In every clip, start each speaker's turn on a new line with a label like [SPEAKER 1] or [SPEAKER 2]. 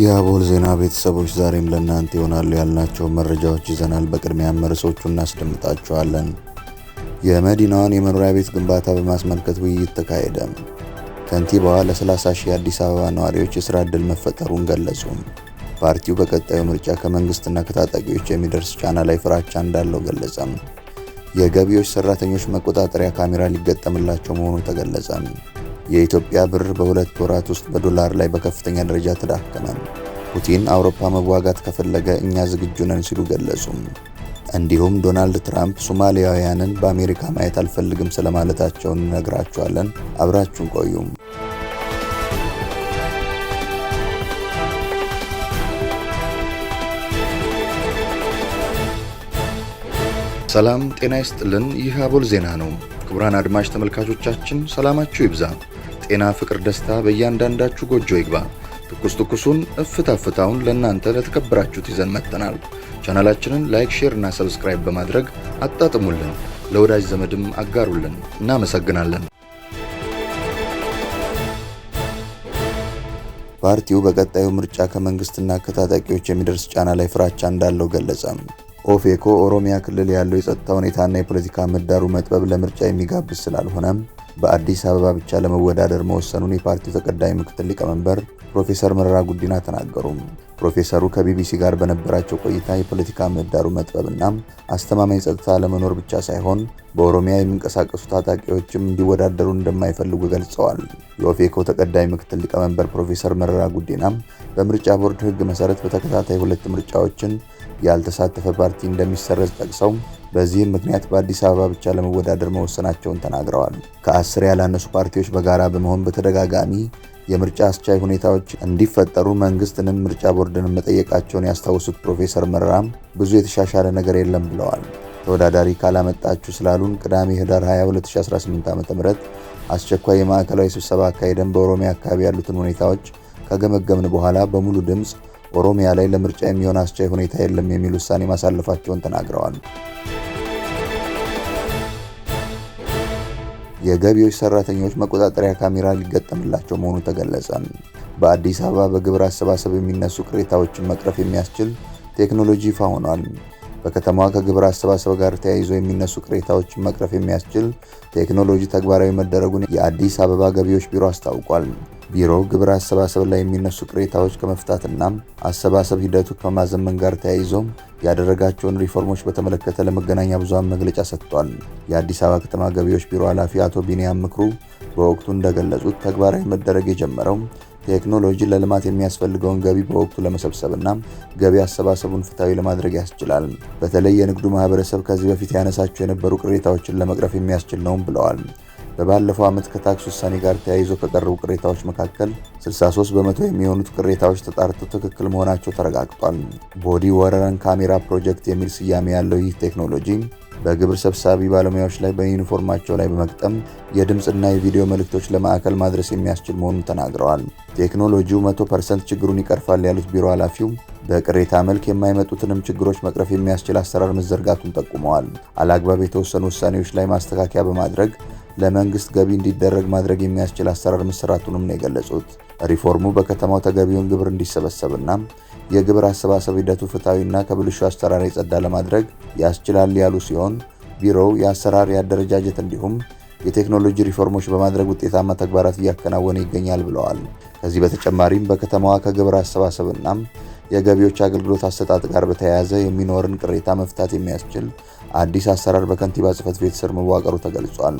[SPEAKER 1] የአቦል ዜና ቤተሰቦች ዛሬም ለእናንተ ይሆናሉ ያልናቸው መረጃዎች ይዘናል። በቅድሚያም ርዕሶቹ እናስደምጣቸዋለን። የመዲናዋን የመኖሪያ ቤት ግንባታ በማስመልከት ውይይት ተካሄደ። ከንቲባዋ ለ30 ሺህ አዲስ አበባ ነዋሪዎች የሥራ ዕድል መፈጠሩን ገለጹ። ፓርቲው በቀጣዩ ምርጫ ከመንግሥትና ከታጣቂዎች የሚደርስ ጫና ላይ ፍራቻ እንዳለው ገለጸም። የገቢዎች ሠራተኞች መቆጣጠሪያ ካሜራ ሊገጠምላቸው መሆኑ ተገለጸም። የኢትዮጵያ ብር በሁለት ወራት ውስጥ በዶላር ላይ በከፍተኛ ደረጃ ተዳከመም። ፑቲን አውሮፓ መዋጋት ከፈለገ እኛ ዝግጁ ነን ሲሉ ገለጹም። እንዲሁም ዶናልድ ትራምፕ ሶማሊያውያንን በአሜሪካ ማየት አልፈልግም ስለማለታቸውን እነግራችኋለን። አብራችሁን ቆዩም።
[SPEAKER 2] ሰላም ጤና ይስጥልን። ይህ አቦል ዜና ነው። ክቡራን አድማጭ ተመልካቾቻችን ሰላማችሁ ይብዛ። ጤና፣ ፍቅር፣ ደስታ በእያንዳንዳችሁ ጎጆ ይግባ። ትኩስ ትኩሱን እፍታ ፍታውን ለእናንተ ለተከበራችሁት ይዘን መጥተናል። ቻናላችንን ላይክ፣ ሼር እና ሰብስክራይብ በማድረግ አጣጥሙልን፣ ለወዳጅ ዘመድም አጋሩልን። እናመሰግናለን።
[SPEAKER 1] ፓርቲው በቀጣዩ ምርጫ ከመንግስትና ከታጣቂዎች የሚደርስ ጫና ላይ ፍራቻ እንዳለው ገለጸ። ኦፌኮ ኦሮሚያ ክልል ያለው የጸጥታ ሁኔታና የፖለቲካ ምህዳሩ መጥበብ ለምርጫ የሚጋብዝ ስላልሆነ በአዲስ አበባ ብቻ ለመወዳደር መወሰኑን የፓርቲው ተቀዳሚ ምክትል ሊቀመንበር ፕሮፌሰር መረራ ጉዲና ተናገሩ። ፕሮፌሰሩ ከቢቢሲ ጋር በነበራቸው ቆይታ የፖለቲካ ምህዳሩ መጥበብና አስተማማኝ ጸጥታ ለመኖር ብቻ ሳይሆን በኦሮሚያ የሚንቀሳቀሱ ታጣቂዎችም እንዲወዳደሩ እንደማይፈልጉ ገልጸዋል። የኦፌኮ ተቀዳሚ ምክትል ሊቀመንበር ፕሮፌሰር መረራ ጉዲና በምርጫ ቦርድ ሕግ መሰረት በተከታታይ ሁለት ምርጫዎችን ያልተሳተፈ ፓርቲ እንደሚሰረዝ ጠቅሰው በዚህም ምክንያት በአዲስ አበባ ብቻ ለመወዳደር መወሰናቸውን ተናግረዋል። ከአስር ያላነሱ ፓርቲዎች በጋራ በመሆን በተደጋጋሚ የምርጫ አስቻይ ሁኔታዎች እንዲፈጠሩ መንግስትንም ምርጫ ቦርድንም መጠየቃቸውን ያስታውሱት ፕሮፌሰር መረራም ብዙ የተሻሻለ ነገር የለም ብለዋል። ተወዳዳሪ ካላመጣችሁ ስላሉን ቅዳሜ ህዳር 22 2018 ዓ.ም አስቸኳይ የማዕከላዊ ስብሰባ አካሄደን በኦሮሚያ አካባቢ ያሉትን ሁኔታዎች ከገመገምን በኋላ በሙሉ ድምፅ ኦሮሚያ ላይ ለምርጫ የሚሆን አስቻይ ሁኔታ የለም የሚል ውሳኔ ማሳለፋቸውን ተናግረዋል። የገቢዎች ሰራተኞች መቆጣጠሪያ ካሜራ ሊገጠምላቸው መሆኑ ተገለጸ። በአዲስ አበባ በግብር አሰባሰብ የሚነሱ ቅሬታዎችን መቅረፍ የሚያስችል ቴክኖሎጂ ይፋ ሆኗል። በከተማዋ ከግብር አሰባሰብ ጋር ተያይዞ የሚነሱ ቅሬታዎችን መቅረፍ የሚያስችል ቴክኖሎጂ ተግባራዊ መደረጉን የአዲስ አበባ ገቢዎች ቢሮ አስታውቋል። ቢሮው ግብር አሰባሰብ ላይ የሚነሱ ቅሬታዎች ከመፍታትና አሰባሰብ ሂደቱ ከማዘመን ጋር ተያይዞ ያደረጋቸውን ሪፎርሞች በተመለከተ ለመገናኛ ብዙሃን መግለጫ ሰጥቷል። የአዲስ አበባ ከተማ ገቢዎች ቢሮ ኃላፊ አቶ ቢኒያም ምክሩ በወቅቱ እንደገለጹት ተግባራዊ መደረግ የጀመረው ቴክኖሎጂ ለልማት የሚያስፈልገውን ገቢ በወቅቱ ለመሰብሰብና ገቢ አሰባሰቡን ፍትሐዊ ለማድረግ ያስችላል። በተለይ የንግዱ ማህበረሰብ ከዚህ በፊት ያነሳቸው የነበሩ ቅሬታዎችን ለመቅረፍ የሚያስችል ነውም ብለዋል። በባለፈው ዓመት ከታክስ ውሳኔ ጋር ተያይዞ ከቀረቡ ቅሬታዎች መካከል 63 በመቶ የሚሆኑት ቅሬታዎች ተጣርተው ትክክል መሆናቸው ተረጋግጧል። ቦዲ ወረረን ካሜራ ፕሮጀክት የሚል ስያሜ ያለው ይህ ቴክኖሎጂ በግብር ሰብሳቢ ባለሙያዎች ላይ በዩኒፎርማቸው ላይ በመግጠም የድምፅና የቪዲዮ መልእክቶች ለማዕከል ማድረስ የሚያስችል መሆኑን ተናግረዋል። ቴክኖሎጂው 100 ችግሩን ይቀርፋል ያሉት ቢሮ ኃላፊው በቅሬታ መልክ የማይመጡትንም ችግሮች መቅረፍ የሚያስችል አሰራር መዘርጋቱን ጠቁመዋል። አላግባብ የተወሰኑ ውሳኔዎች ላይ ማስተካከያ በማድረግ ለመንግስት ገቢ እንዲደረግ ማድረግ የሚያስችል አሰራር መሰራቱንም ነው የገለጹት። ሪፎርሙ በከተማው ተገቢውን ግብር እንዲሰበሰብና የግብር አሰባሰብ ሂደቱ ፍትሐዊና ከብልሹ አሰራር የጸዳ ለማድረግ ያስችላል ያሉ ሲሆን ቢሮው የአሰራር የአደረጃጀት እንዲሁም የቴክኖሎጂ ሪፎርሞች በማድረግ ውጤታማ ተግባራት እያከናወነ ይገኛል ብለዋል። ከዚህ በተጨማሪም በከተማዋ ከግብር አሰባሰብና የገቢዎች አገልግሎት አሰጣጥ ጋር በተያያዘ የሚኖርን ቅሬታ መፍታት የሚያስችል አዲስ አሰራር በከንቲባ ጽህፈት ቤት ስር መዋቀሩ ተገልጿል።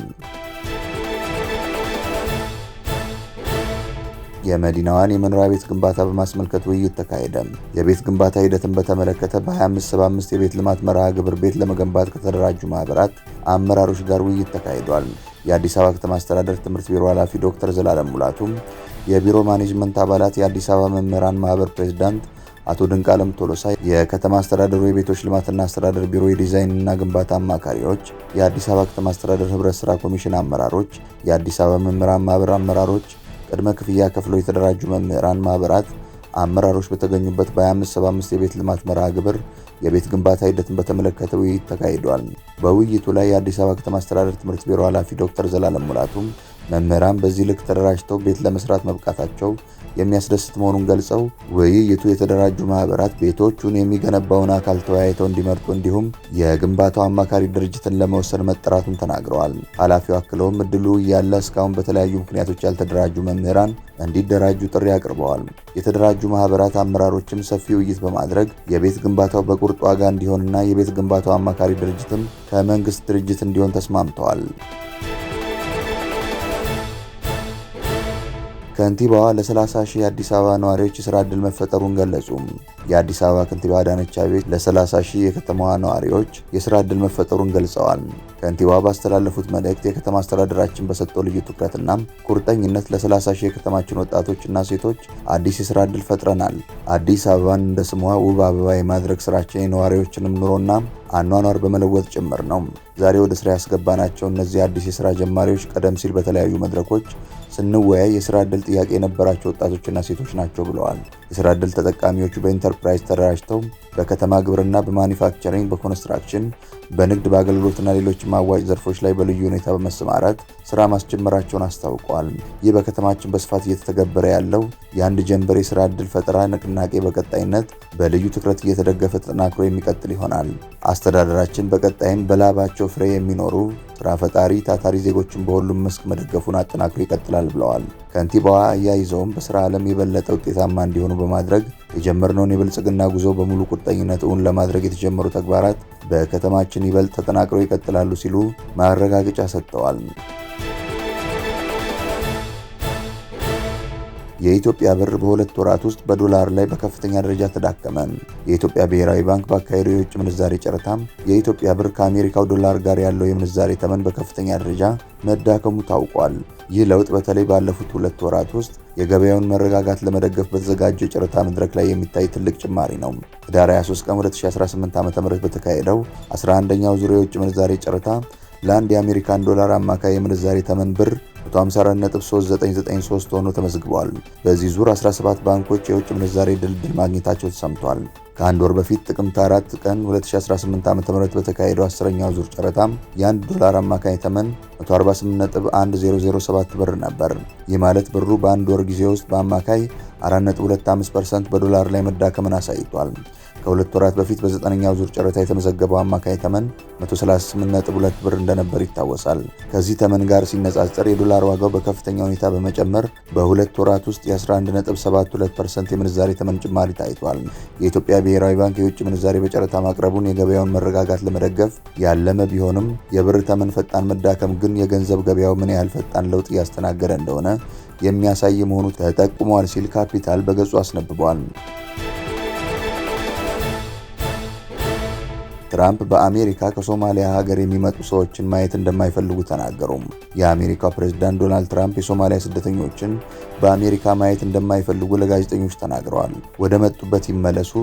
[SPEAKER 1] የመዲናዋን የመኖሪያ ቤት ግንባታ በማስመልከት ውይይት ተካሄደ። የቤት ግንባታ ሂደትን በተመለከተ በ2575 የቤት ልማት መርሃ ግብር ቤት ለመገንባት ከተደራጁ ማህበራት አመራሮች ጋር ውይይት ተካሂዷል። የአዲስ አበባ ከተማ አስተዳደር ትምህርት ቢሮ ኃላፊ ዶክተር ዘላለም ሙላቱም፣ የቢሮ ማኔጅመንት አባላት፣ የአዲስ አበባ መምህራን ማህበር ፕሬዚዳንት አቶ ድንቃለም ቶሎሳ የከተማ አስተዳደሩ የቤቶች ልማትና አስተዳደር ቢሮ የዲዛይንና ግንባታ አማካሪዎች፣ የአዲስ አበባ ከተማ አስተዳደር ህብረት ስራ ኮሚሽን አመራሮች፣ የአዲስ አበባ መምህራን ማህበር አመራሮች፣ ቅድመ ክፍያ ከፍለው የተደራጁ መምህራን ማህበራት አመራሮች በተገኙበት በ2575 የቤት ልማት መርሃ ግብር የቤት ግንባታ ሂደትን በተመለከተ ውይይት ተካሂዷል። በውይይቱ ላይ የአዲስ አበባ ከተማ አስተዳደር ትምህርት ቢሮ ኃላፊ ዶክተር ዘላለም ሙላቱም መምህራን በዚህ ልክ ተደራጅተው ቤት ለመስራት መብቃታቸው የሚያስደስት መሆኑን ገልጸው ውይይቱ የተደራጁ ማህበራት ቤቶቹን የሚገነባውን አካል ተወያይተው እንዲመርጡ እንዲሁም የግንባታው አማካሪ ድርጅትን ለመወሰን መጠራቱን ተናግረዋል። ኃላፊው አክለውም እድሉ እያለ እስካሁን በተለያዩ ምክንያቶች ያልተደራጁ መምህራን እንዲደራጁ ጥሪ አቅርበዋል። የተደራጁ ማህበራት አመራሮችም ሰፊ ውይይት በማድረግ የቤት ግንባታው በቁርጥ ዋጋ እንዲሆንና የቤት ግንባታው አማካሪ ድርጅትም ከመንግስት ድርጅት እንዲሆን ተስማምተዋል። ከንቲባዋ ለ30 ሺህ የአዲስ አበባ ነዋሪዎች የስራ ዕድል መፈጠሩን ገለጹ። የአዲስ አበባ ከንቲባ አዳነች አቤቤ ለ30 ሺህ የከተማዋ ነዋሪዎች የስራ ዕድል መፈጠሩን ገልጸዋል። ከንቲባዋ ባስተላለፉት መልእክት የከተማ አስተዳደራችን በሰጠው ልዩ ትኩረትና ቁርጠኝነት ለ30 ሺህ የከተማችን ወጣቶችና ሴቶች አዲስ የስራ ዕድል ፈጥረናል። አዲስ አበባን እንደ ስሟ ውብ አበባ የማድረግ ስራችን የነዋሪዎችንም ኑሮና አኗኗር በመለወጥ ጭምር ነው። ዛሬ ወደ ስራ ያስገባናቸው እነዚህ አዲስ የስራ ጀማሪዎች ቀደም ሲል በተለያዩ መድረኮች ስንወያይ የስራ ዕድል ጥያቄ የነበራቸው ወጣቶችና ሴቶች ናቸው ብለዋል። የስራ ዕድል ተጠቃሚዎቹ በኢንተርፕራይዝ ተደራጅተው በከተማ ግብርና፣ በማኒፋክቸሪንግ፣ በኮንስትራክሽን፣ በንግድ፣ በአገልግሎትና ሌሎችም አዋጭ ዘርፎች ላይ በልዩ ሁኔታ በመሰማራት ስራ ማስጀመራቸውን አስታውቀዋል። ይህ በከተማችን በስፋት እየተተገበረ ያለው የአንድ ጀንበር የስራ ዕድል ፈጠራ ንቅናቄ በቀጣይነት በልዩ ትኩረት እየተደገፈ ተጠናክሮ የሚቀጥል ይሆናል። አስተዳደራችን በቀጣይም በላባቸው ስራቸው ፍሬ የሚኖሩ ስራ ፈጣሪ ታታሪ ዜጎችን በሁሉም መስክ መደገፉን አጠናክሮ ይቀጥላል ብለዋል። ከንቲባዋ አያይዘውም በስራ ዓለም የበለጠ ውጤታማ እንዲሆኑ በማድረግ የጀመርነውን የብልጽግና ጉዞ በሙሉ ቁርጠኝነት እውን ለማድረግ የተጀመሩ ተግባራት በከተማችን ይበልጥ ተጠናክረው ይቀጥላሉ ሲሉ ማረጋገጫ ሰጥተዋል። የኢትዮጵያ ብር በሁለት ወራት ውስጥ በዶላር ላይ በከፍተኛ ደረጃ ተዳከመ። የኢትዮጵያ ብሔራዊ ባንክ ባካሄደው የውጭ ምንዛሬ ጨረታ የኢትዮጵያ ብር ከአሜሪካው ዶላር ጋር ያለው የምንዛሬ ተመን በከፍተኛ ደረጃ መዳከሙ ታውቋል። ይህ ለውጥ በተለይ ባለፉት ሁለት ወራት ውስጥ የገበያውን መረጋጋት ለመደገፍ በተዘጋጀው የጨረታ መድረክ ላይ የሚታይ ትልቅ ጭማሪ ነው። ህዳር 23 ቀን 2018 ዓ ም በተካሄደው 11ኛው ዙሪያ የውጭ ምንዛሬ ጨረታ ለአንድ የአሜሪካን ዶላር አማካይ የምንዛሬ ተመን ብር 154.3993 ሆኖ ተመዝግበዋል። በዚህ ዙር 17 ባንኮች የውጭ ምንዛሬ ድልድል ማግኘታቸው ተሰምቷል። ከአንድ ወር በፊት ጥቅምት 4 ቀን 2018 ዓ ም በተካሄደው አስረኛው ዙር ጨረታ የአንድ ዶላር አማካኝ ተመን 148.1007 ብር ነበር። ይህ ማለት ብሩ በአንድ ወር ጊዜ ውስጥ በአማካይ 4.25% በዶላር ላይ መዳከምን አሳይቷል። ከሁለት ወራት በፊት በዘጠነኛው ዙር ጨረታ የተመዘገበው አማካይ ተመን 138.2 ብር እንደነበር ይታወሳል። ከዚህ ተመን ጋር ሲነጻጸር የዶላር ዋጋው በከፍተኛ ሁኔታ በመጨመር በሁለት ወራት ውስጥ የ11.72% የምንዛሬ ተመን ጭማሪ ታይቷል። የኢትዮጵያ ብሔራዊ ባንክ የውጭ ምንዛሬ በጨረታ ማቅረቡን የገበያውን መረጋጋት ለመደገፍ ያለመ ቢሆንም የብር ተመን ፈጣን መዳከም ግን የገንዘብ ገበያው ምን ያህል ፈጣን ለውጥ እያስተናገደ እንደሆነ የሚያሳይ መሆኑ ተጠቁሟል ሲል ካፒታል በገጹ አስነብቧል። ትራምፕ በአሜሪካ ከሶማሊያ ሀገር የሚመጡ ሰዎችን ማየት እንደማይፈልጉ ተናገሩም። የአሜሪካው ፕሬዝዳንት ዶናልድ ትራምፕ የሶማሊያ ስደተኞችን በአሜሪካ ማየት እንደማይፈልጉ ለጋዜጠኞች ተናግረዋል። ወደ መጡበት ይመለሱ፣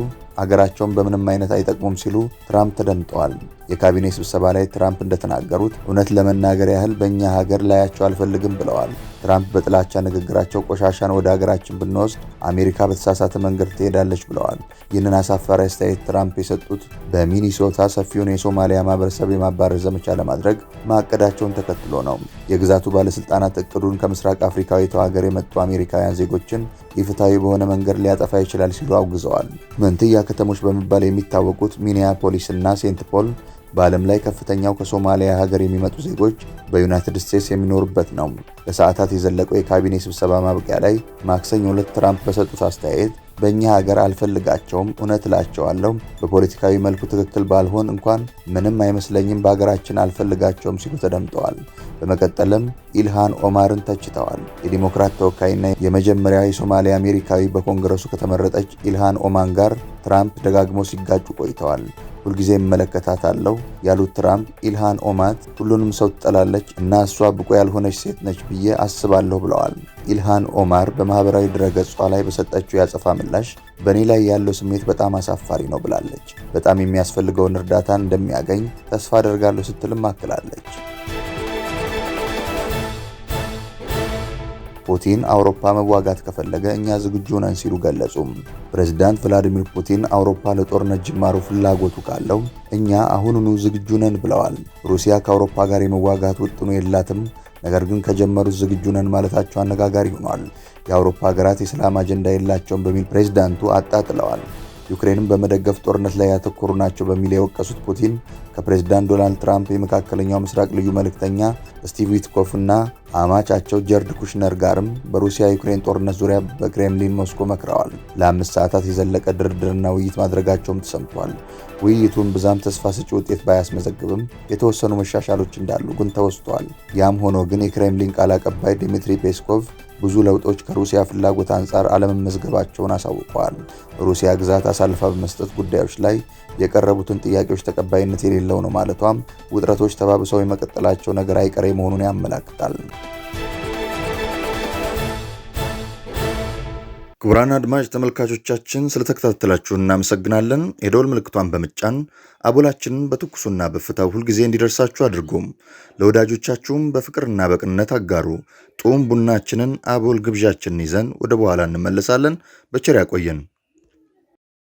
[SPEAKER 1] አገራቸውን በምንም አይነት አይጠቅሙም ሲሉ ትራምፕ ተደምጠዋል። የካቢኔ ስብሰባ ላይ ትራምፕ እንደተናገሩት እውነት ለመናገር ያህል በእኛ ሀገር ላያቸው አልፈልግም ብለዋል። ትራምፕ በጥላቻ ንግግራቸው ቆሻሻን ወደ ሀገራችን ብንወስድ አሜሪካ በተሳሳተ መንገድ ትሄዳለች ብለዋል። ይህንን አሳፋሪ አስተያየት ትራምፕ የሰጡት በሚኒሶታ ሰፊውን የሶማሊያ ማህበረሰብ የማባረር ዘመቻ ለማድረግ ማቀዳቸውን ተከትሎ ነው። የግዛቱ ባለስልጣናት እቅዱን ከምስራቅ አፍሪካዊቷ ሀገር የመጡ አሜሪካውያን ዜጎችን ኢፍትሐዊ በሆነ መንገድ ሊያጠፋ ይችላል ሲሉ አውግዘዋል። መንትያ ከተሞች በመባል የሚታወቁት ሚኒያፖሊስ እና ሴንት ፖል በዓለም ላይ ከፍተኛው ከሶማሊያ ሀገር የሚመጡ ዜጎች በዩናይትድ ስቴትስ የሚኖሩበት ነው። ለሰዓታት የዘለቀው የካቢኔ ስብሰባ ማብቂያ ላይ ማክሰኞ ዕለት ትራምፕ በሰጡት አስተያየት በእኛ ሀገር አልፈልጋቸውም። እውነት እላቸዋለሁ በፖለቲካዊ መልኩ ትክክል ባልሆን እንኳን ምንም አይመስለኝም። በሀገራችን አልፈልጋቸውም ሲሉ ተደምጠዋል። በመቀጠልም ኢልሃን ኦማርን ተችተዋል። የዲሞክራት ተወካይና የመጀመሪያ የሶማሌ አሜሪካዊ በኮንግረሱ ከተመረጠች ኢልሃን ኦማን ጋር ትራምፕ ደጋግሞ ሲጋጩ ቆይተዋል። ሁልጊዜ እመለከታታለሁ ያሉት ትራምፕ ኢልሃን ኦማት ሁሉንም ሰው ትጠላለች እና እሷ ብቁ ያልሆነች ሴት ነች ብዬ አስባለሁ ብለዋል። ኢልሃን ኦማር በማህበራዊ ድረገጿ ላይ በሰጠችው ያጸፋ ምላሽ በእኔ ላይ ያለው ስሜት በጣም አሳፋሪ ነው ብላለች። በጣም የሚያስፈልገውን እርዳታ እንደሚያገኝ ተስፋ አደርጋለሁ ስትልም አክላለች። ፑቲን አውሮፓ መዋጋት ከፈለገ እኛ ዝግጁ ነን ሲሉ ገለጹ። ፕሬዚዳንት ቭላዲሚር ፑቲን አውሮፓ ለጦርነት ጅማሩ ፍላጎቱ ካለው እኛ አሁኑኑ ዝግጁ ነን ብለዋል። ሩሲያ ከአውሮፓ ጋር የመዋጋት ውጥኑ የላትም ነገር ግን ከጀመሩት ዝግጁ ነን ማለታቸው አነጋጋሪ ሆኗል። የአውሮፓ ሀገራት የሰላም አጀንዳ የላቸውም በሚል ፕሬዚዳንቱ አጣጥለዋል። ዩክሬንን በመደገፍ ጦርነት ላይ ያተኮሩ ናቸው በሚል የወቀሱት ፑቲን ከፕሬዚዳንት ዶናልድ ትራምፕ የመካከለኛው ምስራቅ ልዩ መልእክተኛ ስቲቭ ዊትኮፍ እና አማቻቸው ጀርድ ኩሽነር ጋርም በሩሲያ ዩክሬን ጦርነት ዙሪያ በክሬምሊን ሞስኮ መክረዋል። ለአምስት ሰዓታት የዘለቀ ድርድርና ውይይት ማድረጋቸውም ተሰምቷል። ውይይቱን ብዛም ተስፋ ሰጪ ውጤት ባያስመዘግብም የተወሰኑ መሻሻሎች እንዳሉ ግን ተወስቷል። ያም ሆኖ ግን የክሬምሊን ቃል አቀባይ ዲሚትሪ ፔስኮቭ ብዙ ለውጦች ከሩሲያ ፍላጎት አንጻር አለመመዝገባቸውን አሳውቀዋል። ሩሲያ ግዛት አሳልፋ በመስጠት ጉዳዮች ላይ የቀረቡትን ጥያቄዎች ተቀባይነት የሌለው ነው ማለቷም ውጥረቶች ተባብሰው የመቀጠላቸው ነገር አይቀሬ መሆኑን ያመላክታል።
[SPEAKER 2] ክቡራን አድማጭ ተመልካቾቻችን ስለተከታተላችሁ እናመሰግናለን። የደወል ምልክቷን በምጫን አቦላችንን በትኩሱና በእፍታው ሁልጊዜ እንዲደርሳችሁ አድርጎም ለወዳጆቻችሁም በፍቅርና በቅንነት አጋሩ። ጡም ቡናችንን አቦል ግብዣችንን ይዘን ወደ በኋላ እንመለሳለን። በቸር ያቆየን።